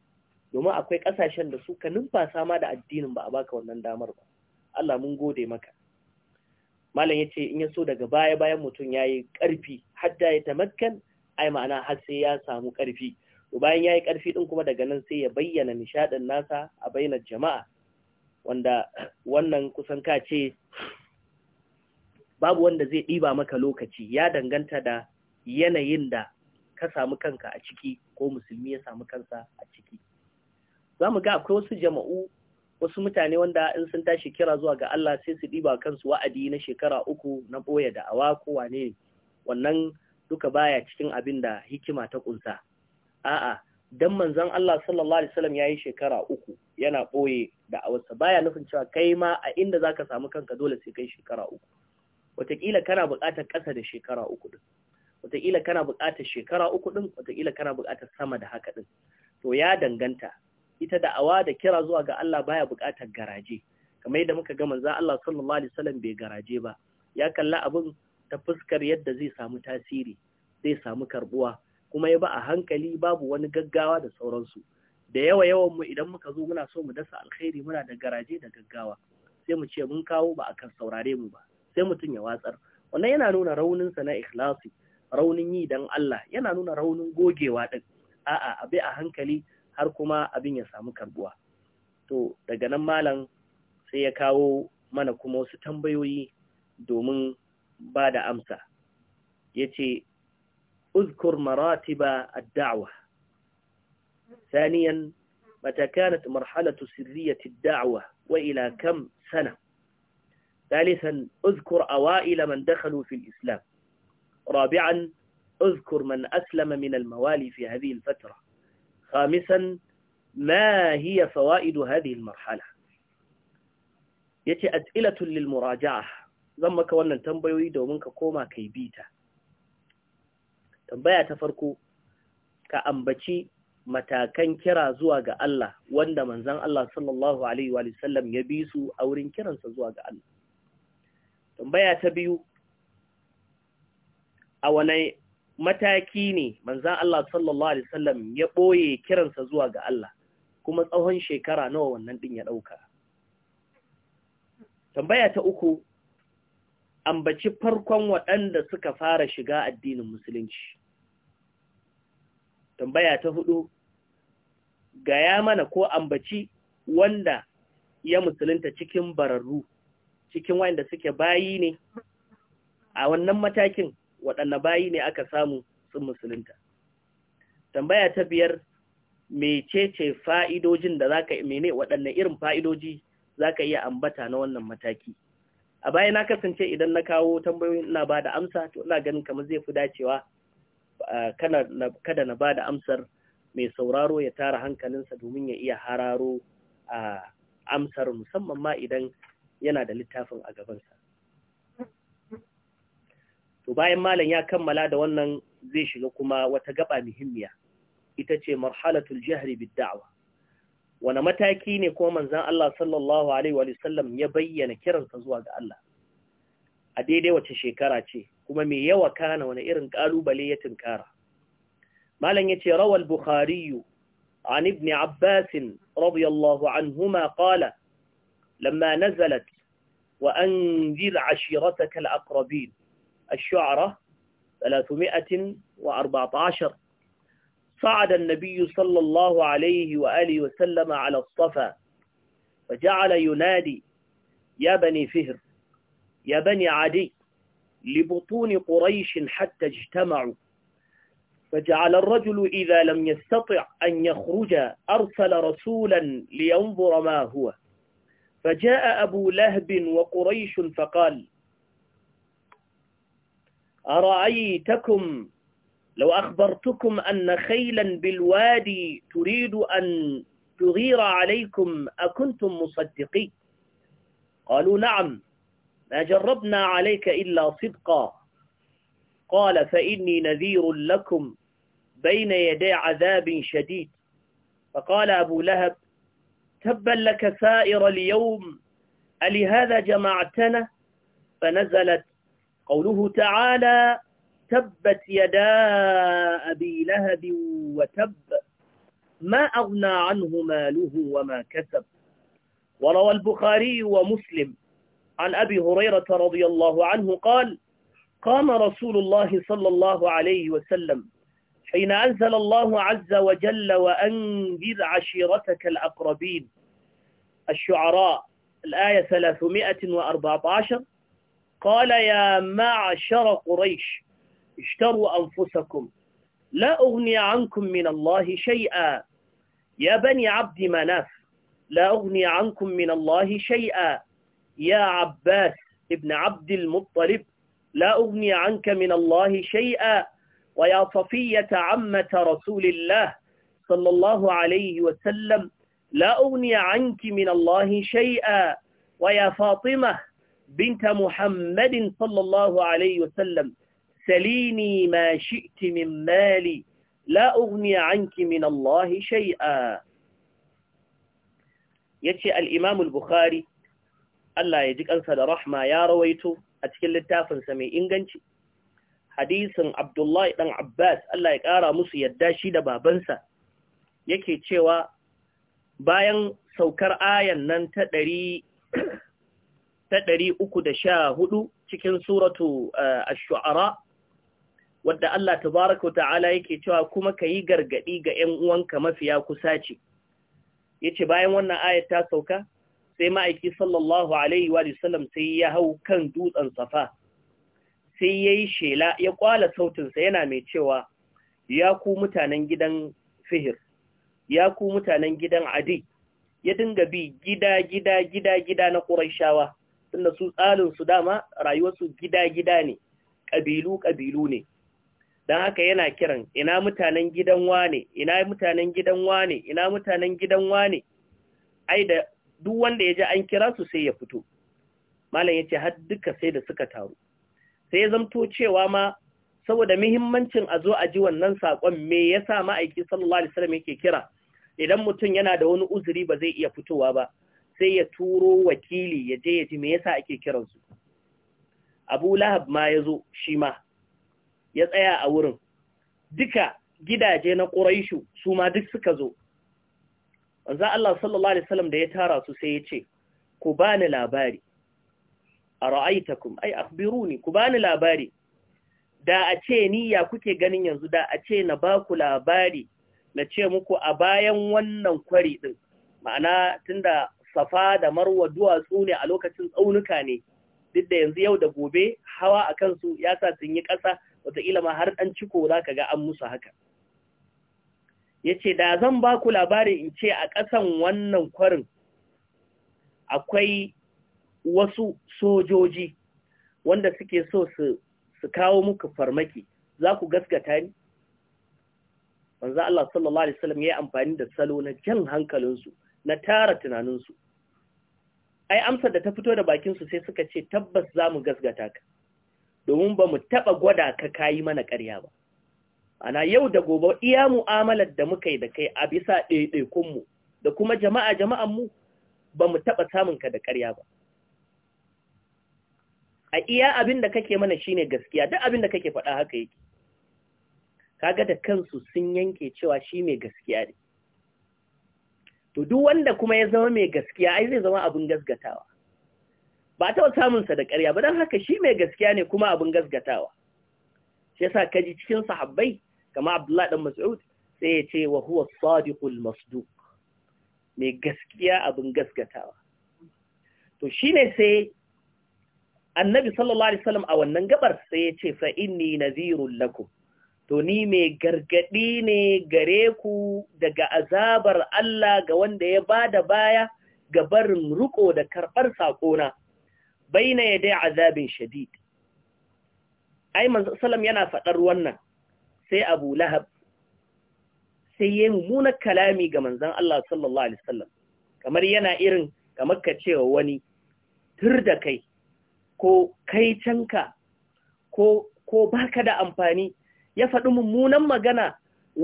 domin akwai ƙasashen da su ka numfasa ma da addinin ba a baka wannan damar ba Allah mun gode maka malam ya ce in ya so daga baya bayan mutum ya yi ƙarfi hadda ya tamakkan ai ma'ana har sai ya samu ƙarfi to bayan yayi karfi din kuma daga nan sai ya bayyana nishadin nasa a bainar jama'a wanda wannan kusan ka ce babu wanda zai ɗiba maka lokaci ya danganta da yanayin da ka samu kanka a ciki ko musulmi ya samu kansa a ciki za mu ga akwai wasu jama'u wasu mutane wanda in sun tashi kira zuwa ga Allah sai su ɗiba kansu wa'adi na shekara uku na boye da awa ko wane wannan duka baya cikin abin da hikima ta ƙunsa a'a dan manzon Allah sallallahu alaihi wasallam yayi shekara uku yana boye da awarsa baya nufin cewa kai ma a inda zaka samu kanka dole sai kai shekara uku wataƙila kana buƙatar ƙasa da shekara uku din wataƙila kana buƙatar shekara uku din wataƙila kana buƙatar sama da haka din to ya danganta ita da awa da kira zuwa ga Allah baya buƙatar garaje kamar yadda muka ga manzon Allah sallallahu alaihi wasallam bai garaje ba ya kalla abun ta fuskar yadda zai samu tasiri zai samu karbuwa kuma ya ba a hankali babu wani gaggawa da sauransu da yawa yawan mu idan muka zo muna so mu dasa alkhairi muna da garaje da gaggawa sai mu ce mun kawo ba a kan saurare mu ba sai mutum ya watsar wannan yana nuna raunin sa na ikhlasi raunin yi dan Allah yana nuna raunin gogewa din a'a abi a hankali har kuma abin ya samu karbuwa to daga nan malam sai ya kawo mana kuma wasu tambayoyi domin ba da amsa yace أذكر مراتب الدعوة ثانيا متى كانت مرحلة سرية الدعوة وإلى كم سنة ثالثا أذكر أوائل من دخلوا في الإسلام رابعا أذكر من أسلم من الموالي في هذه الفترة خامسا ما هي فوائد هذه المرحلة يتي أسئلة للمراجعة زمك وانا تنبيوي دومنك كوما كيبيتا tambaya ta farko ka ambaci matakan kira zuwa ga Allah wanda manzon Allah sallallahu alaihi wa sallam ya bi su a wurin kiransa zuwa ga Allah tambaya ta biyu a wane mataki ne manzan Allah sallallahu Alaihi wasallam ya ɓoye kiransa zuwa ga Allah kuma tsawon shekara nawa wannan ɗin ya ɗauka. Tambaya ta uku, ambaci farkon waɗanda suka fara shiga addinin Musulunci. tambaya ta hudu gaya mana ko ambaci wanda ya musulunta cikin bararru cikin wanda suke bayi ne a wannan matakin waɗanne bayi ne aka samu sun musulunta tambaya ta biyar mecece fa'idojin da zaka mene waɗanne irin fa'idoji zaka iya ambata na wannan mataki a baya na kasance idan na kawo tambayoyin ina ba da amsa to ina ganin kamar zai fi dacewa kada na ba da amsar mai sauraro ya tara hankalinsa domin ya iya hararo a amsar musamman ma idan yana da littafin a gabansa. To bayan malam ya kammala da wannan zai shiga kuma wata gaba muhimmiya ita ce marhalatul jihari bidda'awa wane mataki ne kuma manzan Allah sallallahu alaihi wa ya bayyana kiransa zuwa ga Allah a daidai wace shekara ce kuma me yawa kana wani irin kalubale ya tinkara malan yace rawal bukhari an ibn abbas radiyallahu anhuma qala lamma nazalat wa anzir ashiratak alaqrabin ash-shu'ara 314 صعد النبي صلى الله عليه وآله وسلم على الصفا فجعل ينادي يا بني فهر يا بني عدي لبطون قريش حتى اجتمعوا فجعل الرجل إذا لم يستطع أن يخرج أرسل رسولا لينظر ما هو فجاء أبو لهب وقريش فقال أرأيتكم لو أخبرتكم أن خيلا بالوادي تريد أن تغير عليكم أكنتم مصدقين قالوا نعم ما جربنا عليك إلا صدقا قال فإني نذير لكم بين يدي عذاب شديد فقال أبو لهب تبا لك سائر اليوم ألهذا جمعتنا فنزلت قوله تعالى تبت يدا أبي لهب وتب ما أغنى عنه ماله وما كسب وروى البخاري ومسلم عن أبي هريرة رضي الله عنه قال قام رسول الله صلى الله عليه وسلم حين أنزل الله عز وجل وأنذر عشيرتك الأقربين الشعراء الآية 314 قال يا معشر قريش اشتروا أنفسكم لا أغني عنكم من الله شيئا يا بني عبد مناف لا أغني عنكم من الله شيئا يا عباس ابن عبد المطلب لا أغني عنك من الله شيئا ويا صفية عمة رسول الله صلى الله عليه وسلم لا أغني عنك من الله شيئا ويا فاطمة بنت محمد صلى الله عليه وسلم سليني ما شئت من مالي لا أغني عنك من الله شيئا يتشي الإمام البخاري Allah ya ji kansa da rahma ya rawaito a cikin littafinsa mai inganci hadisin Abdullahi dan Abbas Allah ya kara musu yadda shi da babansa yake cewa bayan saukar ayan nan ta ɗari uku da sha hudu cikin suratu eh, ash-shu'ara wadda Allah tabaraka wa ta'ala yake cewa kuma ka yi gargaɗi ga ‘yan uwanka mafiya kusa ce’ ya bayan wannan ayat ta sauka sai ma'aiki sallallahu alaihi wa sallam sai ya hau kan dutsen safa sai ya yi shela ya kwala sautinsa yana mai cewa ya ku mutanen gidan fihir ya ku mutanen gidan adi ya dinga bi gida gida gida gida na ƙuraishawa tunda su tsalinsu dama rayuwarsu gida gida ne ƙabilu ƙabilu ne don haka yana kiran ina mutanen gidan wane ina mutanen gidan wane ina mutanen gidan wane ai da duk wanda ya ji an kira su sai ya fito malam ya ce har duka sai da suka taru sai ya zamto cewa ma saboda muhimmancin a zo a ji wannan saƙon me ya sa ma'aiki sallallahu alaihi wasallam yake kira idan mutum yana da wani uzuri ba zai iya fitowa ba sai ya turo wakili ya je ya ji me yasa ake kiransu abu lahab ma ya zo shi ma ya tsaya a wurin duka gidaje na ƙuraishu su ma duk suka zo wanzan Allah sallallahu alaihi wasallam da ya tara su sai ya ce ku bani labari A ai, ay ne, ku bani labari da a ce ni ya kuke ganin yanzu da a ce na baku labari na ce muku a bayan wannan kwari ɗin ma'ana tun da safa da marwa duwatsu ne a lokacin tsaunuka ne duk da yanzu yau da gobe hawa a kansu ya sa sun yi ƙasa wataƙila ma har ɗan ciko za ka ga an musu haka ya ce da zan ba ku labari in ce a ƙasan wannan kwarin akwai wasu sojoji wanda suke so su kawo muku farmaki za ku gaskata ni? Wanzu Allah sallallahu Alaihi wasallam ya yi amfani da salo na jan hankalinsu na tara tunaninsu. Ai, amsa da ta fito da bakinsu sai suka ce tabbas za mu gaskata ka, domin ba mu taɓa gwada ka kayi mana ƙarya ba. ana yau da gobe iya mu'amalar da muka yi da kai a bisa ɗaiɗaikunmu da kuma jama'a jama'anmu ba mu taɓa samunka da ƙarya ba a iya abin da kake mana shi ne gaskiya duk abin da kake faɗa haka yake kaga da kansu sun yanke cewa shi mai gaskiya ne to duk wanda kuma ya zama mai gaskiya ai zai zama abin gasgatawa ba ta samun sa da ƙarya ba don haka shi mai gaskiya ne kuma abin gasgatawa shi yasa kaji cikin sahabbai kama Abdullahi Ɗan Mas'ud sai ya ce wa huwa sadiqul masduq mai gaskiya abin gaskatawa to shine sai annabi sallallahu alaihi wasallam a wannan gabar sai ya ce fa inni nadhirul lakum to ni mai gargadi ne gare ku daga azabar Allah ga wanda ya bada baya ga barin ruko da karbar sakona baina yadai azabin shadid ai manzo sallam yana fadar wannan sai Abu Lahab sai yayi mummunar kalami ga manzon Allah sallallahu alaihi wasallam kamar yana irin kamar ka cewa wani tur da kai ko kai canka ko ko baka da amfani ya faɗi mummunan magana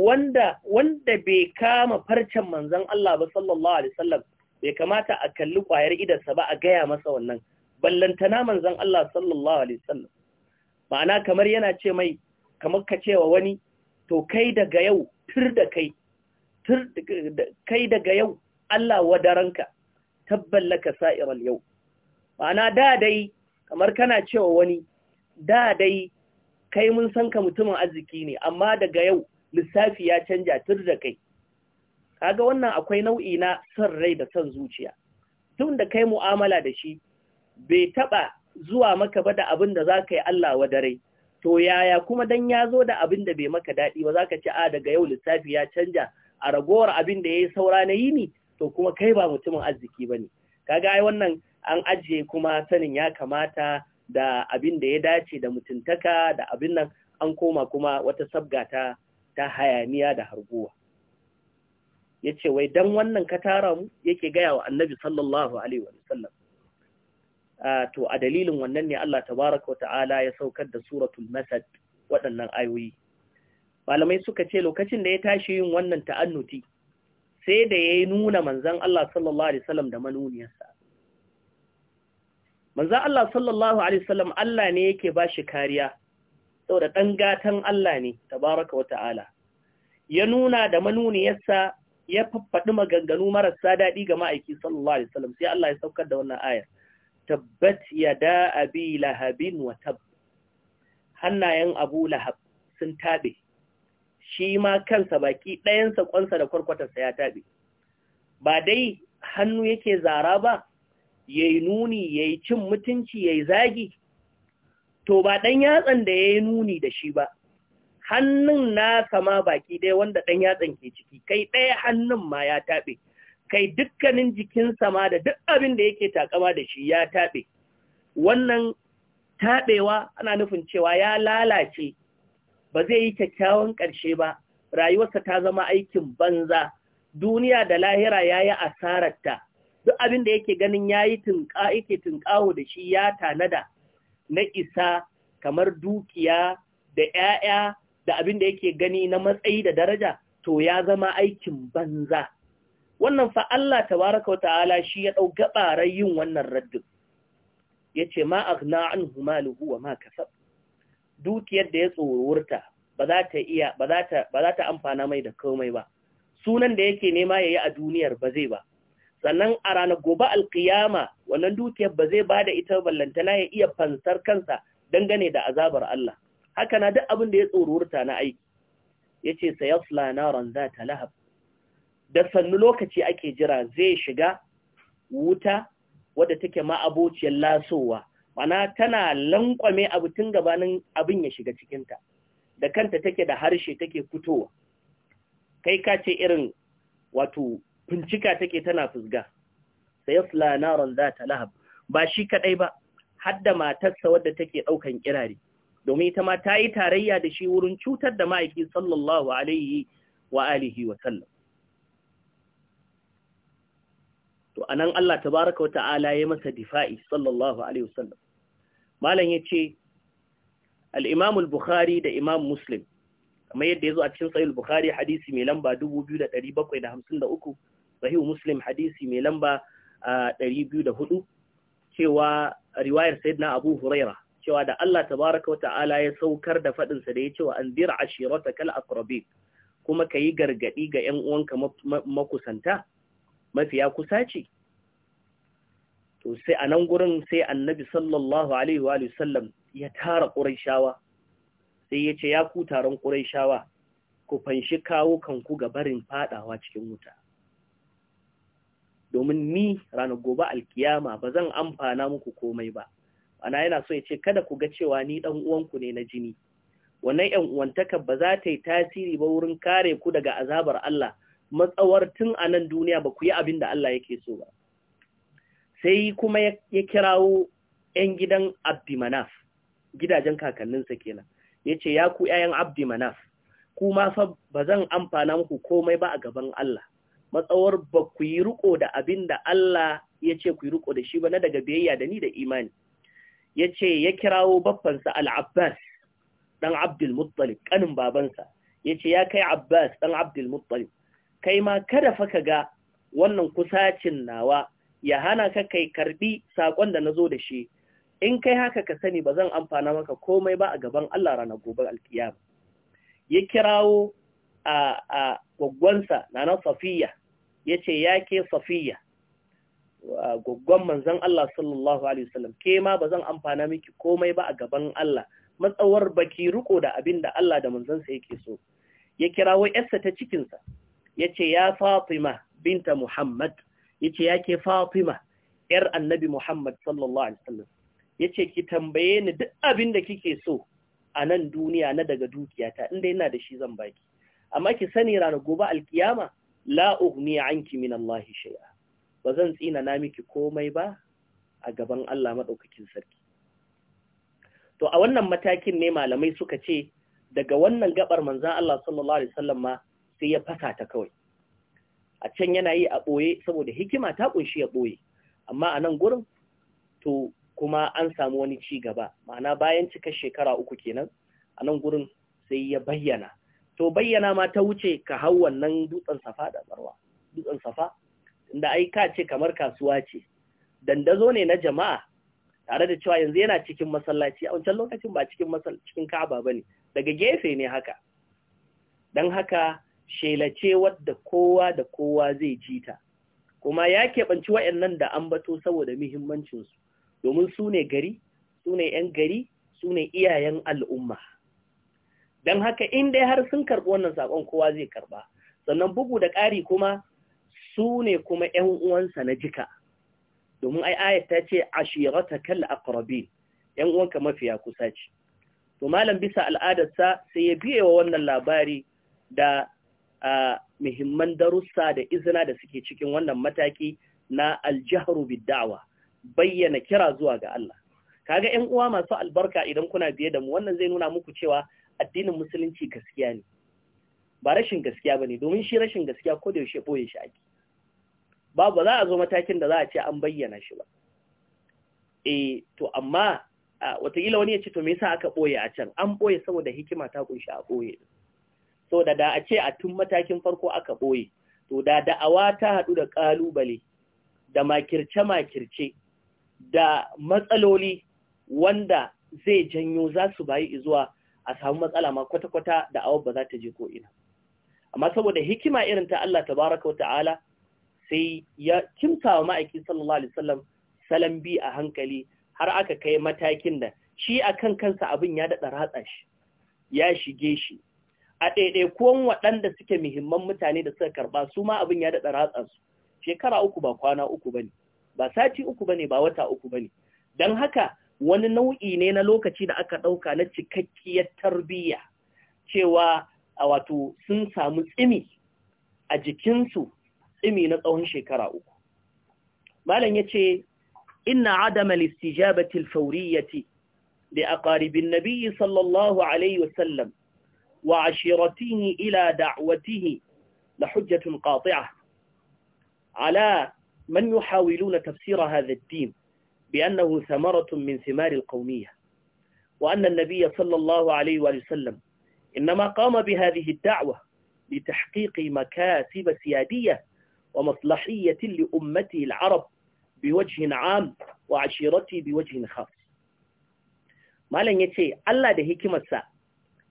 wanda wanda bai kama farcen manzon Allah ba sallallahu alaihi wasallam bai kamata a kalli ƙwayar idarsa ba a gaya masa wannan ballantana manzon Allah sallallahu alaihi wasallam ma'ana kamar yana ce mai kamar ka cewa wani to kai daga yau tur da kai tur kai daga yau Allah wadaranka tabballaka sa'iral yau ma'ana da dai kamar kana cewa wani da dai kai mun san ka mutumin arziki ne amma daga yau lissafi ya canja tur da kai kaga wannan akwai nau'i na son rai da son zuciya tun da kai mu'amala da shi bai taba zuwa maka ba da abin da za ka yi Allah wa to yaya kuma dan ya zo da abin da bai maka daɗi ba zaka ci a daga yau lissafi ya canja a ragowar abin da ya yi saura na yini to kuma kai ba mutumin arziki ba ne kaga ai wannan an ajiye kuma sanin ya kamata da abin da ya dace da mutuntaka da abin nan an koma kuma wata sabga ta ta hayaniya da harguwa ya ce wai dan wannan ka tara mu yake gaya wa annabi sallallahu alaihi wa sallam Ah, to a dalilin wannan ne Allah tabaraka wata'ala ya saukar da suratul masad waɗannan ayoyi malamai suka ce lokacin da ya tashi yin wannan ta'annuti sai da ya nuna manzan Allah sallallahu alaihi wasallam da manuniyarsa manzon Allah sallallahu alaihi wasallam Allah ne yake ba shi kariya saboda dan gatan Allah ne tabaraka wata'ala ya nuna da manuniyarsa ya faffadi maganganu marasa daɗi ga ma'aiki sallallahu alaihi wasallam sai Allah ya saukar da wannan ayar tabbat yada abi lahabin wa tab hannayen abu lahab sun tabe shi ma kansa baki ɗayansa kwansa da kwarkwatarsa ya tabe ba dai hannu yake zara ba yayi nuni ya yi cin mutunci ya yi zagi to ba ɗan yatsan da ya yi nuni da shi ba hannun na ma baki ɗaya wanda ɗan yatsan ke ciki kai ɗaya hannun ma ya taɓe kai dukkanin jikin sama da duk abin da yake takama da shi ya taɓe wannan taɓewa ana nufin cewa ya lalace ba zai yi kyakkyawan ƙarshe ba rayuwarsa ta zama aikin banza duniya da lahira ya yi asararta duk abin da yake ganin ya yi tunƙaho da shi ya tanada na isa kamar dukiya da 'ya'ya da abin da yake gani na matsayi da daraja to ya zama aikin banza wannan fa Allah tabaraka wata'ala shi ya dau gabaran yin wannan raddin yace ma aghna anhu maluhu wa ma kasab dukiyar da ya tsorurta ba za ta iya ba za ta ba za ta amfana mai da komai ba sunan da yake nema yayi a duniyar ba zai ba sannan a ranar gobe alkiyama wannan dukiyar ba zai bada ita ballantana ya iya fansar kansa dangane da azabar Allah haka na duk abin da ya tsorurta na aiki yace sayasla naran zata lahab da sannu lokaci ake jira zai shiga wuta wadda take ma'abociyar lasowa mana tana lankwame abu tun gabanin abin ya shiga cikinta da kanta take da harshe take fitowa kai ka ce irin wato bincika take tana fusga sai yasla naron za ta lahab ba shi kadai ba har da matarsa wadda take daukan kirari domin ita ma ta yi tarayya da shi wurin cutar da ma'aiki sallallahu alaihi wa alihi wa sallam to anan Allah tabaraka wa ta'ala ya masa difa'i sallallahu alaihi wasallam malam yace al-Imam al-Bukhari da Imam Muslim kamar yadda yazo a cikin Sahih al-Bukhari hadisi mai lamba 2753 Sahih Muslim hadisi mai lamba 204 cewa riwayar Sayyidina Abu Huraira cewa da Allah tabaraka wa ta'ala ya saukar da fadin sa da yace wa anzir ashiratakal aqrabin kuma kayi gargadi ga ƴan uwanka makusanta mafiya kusa ce to sai a nan gurin sai annabi sallallahu alaihi wa sallam ya tara ƙuraishawa sai ya ce ya ku taron ƙuraishawa ku fanshi kawo kanku ga barin fadawa cikin wuta domin ni ranar gobe alkiyama ba zan amfana muku komai ba ana yana so ya ce kada ku ga cewa ni dan uwanku ne na jini wannan yan uwantaka ba za ta yi tasiri ba wurin kare ku daga azabar Allah matsawar tun a nan duniya ba ku yi abin da Allah yake so ba. Sai kuma ya kirawo ‘yan gidan Abdi Manaf, gidajen kakanninsa kenan, ya ce, Ya ku ‘ya'yan Abdi Manaf, ku fa ba zan amfana muku komai ba a gaban Allah, matsawar ba ku yi riko da abin da Allah ya ce ku yi riko da shi ba na daga biyayya da ni da imani. Ya ce, Ya kirawo baffansa Al'abbas, ɗan Abdul Muttalib, ƙanin babansa, ya ce, Ya kai Abbas ɗan Abdul Muttalib, kai ma kada fa ka ga wannan kusacin nawa ya hana ka kai karbi sakon da nazo da shi in kai haka ka sani ba zan amfana maka komai ba a gaban Allah ranar gobe alkiyama ya kirawo a a gwaggwansa nana Safiya yace ke Safiya goggon manzon Allah sallallahu alaihi wasallam ke ma ba zan amfana miki komai ba a gaban Allah matsawar baki riko da abinda Allah da manzansa yake so ya kirawo yarsa ta cikinsa yace ya Fatima binta Muhammad yace yake Fatima ‘yar annabi Muhammad sallallahu Alaihi wasallam ya ce, Ki tambaye ni duk abin da kike so a nan duniya na daga dukiyata, inda yana da shi zan baki. Amma ki sani ranar gobe alkiyama, la'ugni anki min Allahi shai'a, ba zan tsina na miki komai ba a gaban Allah maɗaukakin sarki. To, a wannan matakin ne malamai suka ce, daga wannan gabar manzan Allah sallallahu Alaihi wasallam ma sai ya fasa ta kawai a can yana yi a ɓoye saboda hikima ta ƙunshi ya ɓoye amma a nan gurin to kuma an samu wani ci gaba ma'ana bayan cikar shekara uku kenan a nan gurin sai ya bayyana to bayyana ma ta wuce ka hau wannan dutsen safa da tsarwa. dutsen safa inda ai ka ce kamar kasuwa ce dandazo ne na jama'a tare da cewa yanzu yana cikin masallaci a wancan lokacin ba cikin cikin ka'aba bane daga gefe ne haka Don haka shelace wadda kowa da kowa zai ji ta kuma ya keɓanci waɗannan da ambato saboda muhimmancinsu domin su ne gari su ne 'yan gari su ne iyayen al'umma don haka in dai har sun karɓi wannan saƙon kowa zai karɓa sannan bugu da ƙari kuma su ne kuma 'yan uwansa na jika domin ai ayat ta ce ashirata kal aqrabin 'yan uwanka mafiya kusa ce to malam bisa al'adarsa sai ya biye wa wannan labari da muhimman darussa da izina da suke cikin wannan mataki na aljahru bid'awa bayyana kira zuwa ga Allah kaga ƴan uwa masu albarka idan kuna biye da mu wannan zai nuna muku cewa addinin musulunci gaskiya ne ba rashin gaskiya bane domin shi rashin gaskiya ko da yaushe boye shi ake babu za a zo matakin da za a ce an bayyana shi ba eh to amma wataƙila wani ya ce to me yasa aka ɓoye a can an boye saboda hikima ta kunshi a boye so da da a ce a tun matakin farko aka ɓoye to da da'awa ta haɗu da ƙalubale da makirce-makirce da matsaloli wanda zai janyo za su bayi izuwa a samu matsala ma kwata-kwata da awa ba za ta je ko'ina amma saboda hikima irin ta Allah ta baraka ta'ala sai ya wa ma'aiki sallallahu alaihi wasallam salam bi a hankali har aka kai matakin da shi a kan kansa abin ya daɗa ratsa shi ya shige shi a ɗaiɗai, ɗaiɗaikuwan waɗanda suke muhimman mutane da suka karɓa su ma abin ya daɗa ratsa shekara uku ba kwana uku ba ne ba sati uku ba ne ba wata uku ba ne don haka wani nau'i ne na lokaci da aka ɗauka na cikakkiyar tarbiyya cewa a wato sun samu tsimi a jikinsu tsimi na tsawon shekara uku malam ya ce inna adama listijabatil fauriyyati da aqaribin nabiyyi sallallahu alaihi wasallam وعشيرته إلى دعوته لحجة قاطعة على من يحاولون تفسير هذا الدين بأنه ثمرة من ثمار القومية وأن النبي صلى الله عليه وسلم إنما قام بهذه الدعوة لتحقيق مكاسب سيادية ومصلحية لأمته العرب بوجه عام وعشيرته بوجه خاص ما لن يتي الله ده هكمة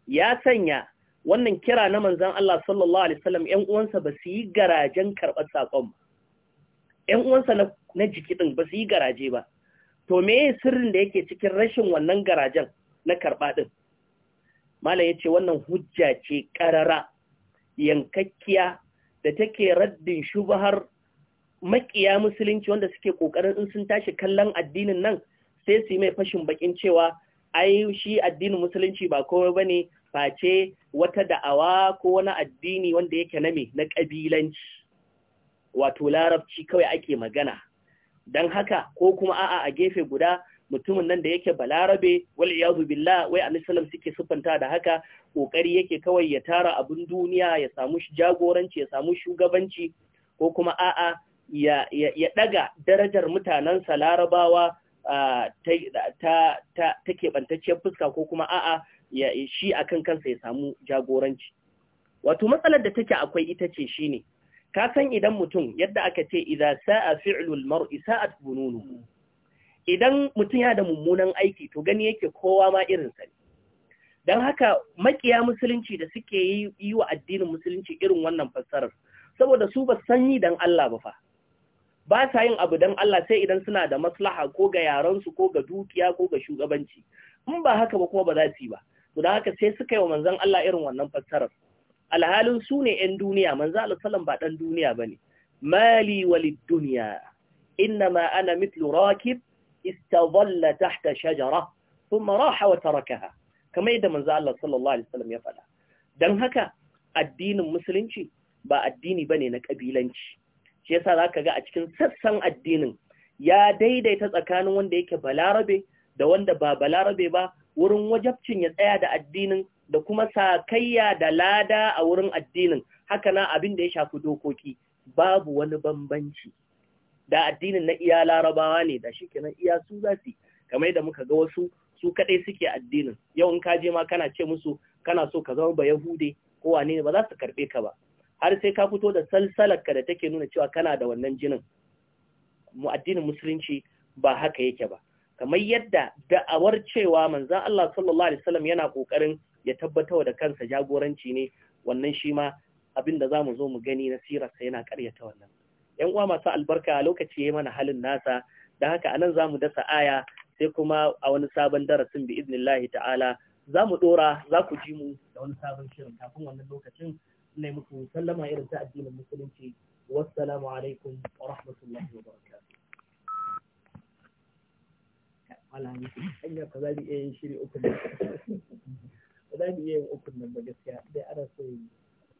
ya sanya wannan kira na manzan Allah sallallahu Alaihi wasallam ‘yan uwansa ba su yi garajen karɓar saƙon ba, ‘yan uwansa na jiki ɗin ba su yi garaje ba, to me sirrin da yake cikin rashin wannan garajen na karɓa ɗin? Mala ya ce wannan hujja ce ƙarara, yankakkiya da take raddin shubahar maƙiya musulunci wanda suke ƙoƙarin in sun tashi kallon addinin nan sai su yi mai fashin baƙin cewa ai shi addinin musulunci ba komai ne. face wata da'awa ko wani addini wanda yake na me na kabilanci wato larabci kawai ake magana dan haka ko kuma a'a a gefe guda mutumin nan da yake balarabe wal iyazu billah wai annabi sallam suke sufanta da haka kokari yake kawai ya tara abun duniya ya samu jagoranci ya samu shugabanci ko kuma a'a ya ya daga darajar mutanensa larabawa ta ta ta fuska ko kuma a'a ya shi akan kansa ya samu jagoranci wato matsalar da take akwai ita ce shine ka san idan mutum yadda aka ce idza sa'a fi'lul mar'i sa'at bununu idan mutum ya da mummunan aiki to gani yake kowa ma irin sa dan haka makiya musulunci da suke yi wa addinin musulunci irin wannan fassarar saboda su ba san yi dan Allah ba fa ba sa yin abu dan Allah sai idan suna da maslaha ko ga su ko ga dukiya ko ga shugabanci in ba haka ba kuma ba za su yi ba guda da haka sai suka yi wa manzan Allah irin wannan fassarar alhalin su ne 'yan duniya manzon Allah ba ɗan duniya ne. mali walid dunya ma ana mitlu rakib istavalla tahta shajara thumma raha wa tarakaha kamar yadda manzon Allah sallallahu alaihi wasallam ya faɗa dan haka addinin musulunci ba addini bane na kabilanci shi yasa zaka ga a cikin sassan addinin ya daidaita tsakanin wanda yake balarabe da wanda ba balarabe ba wurin wajabcin ya tsaya da addinin da kuma sakayya da lada a wurin addinin haka na abin da ya shafi dokoki babu wani bambanci da addinin na iya larabawa ne da shikenan iya su za su kamar da muka ga wasu su kadai suke addinin yau in ka je ma kana ce musu kana so ka zama ba yahude ko wane ba za su karbe ka ba har sai ka fito da salsalar ka da take nuna cewa kana da wannan jinin mu addinin musulunci ba haka yake ba kamar yadda da'awar cewa manzan Allah sallallahu Alaihi wasallam yana ƙoƙarin ya tabbatar da kansa jagoranci ne wannan shi ma abin da za mu zo mu gani na sirarsa yana ƙaryata wannan. ‘Yan uwa masu albarka a lokaci ya mana halin nasa, da haka anan zamu dasa aya sai kuma a wani sabon darasin bi iznillahi ta'ala za mu ɗora za ku ji mu da wani sabon shirin kafin wannan lokacin ne muku sallama irin ta addinin musulunci wassalamu alaikum wa rahmatullahi wa barakatuh. alami hanya ba za mu iya yin shiri uku ba za mu iya yin uku nan ba gaskiya dai ana so yin.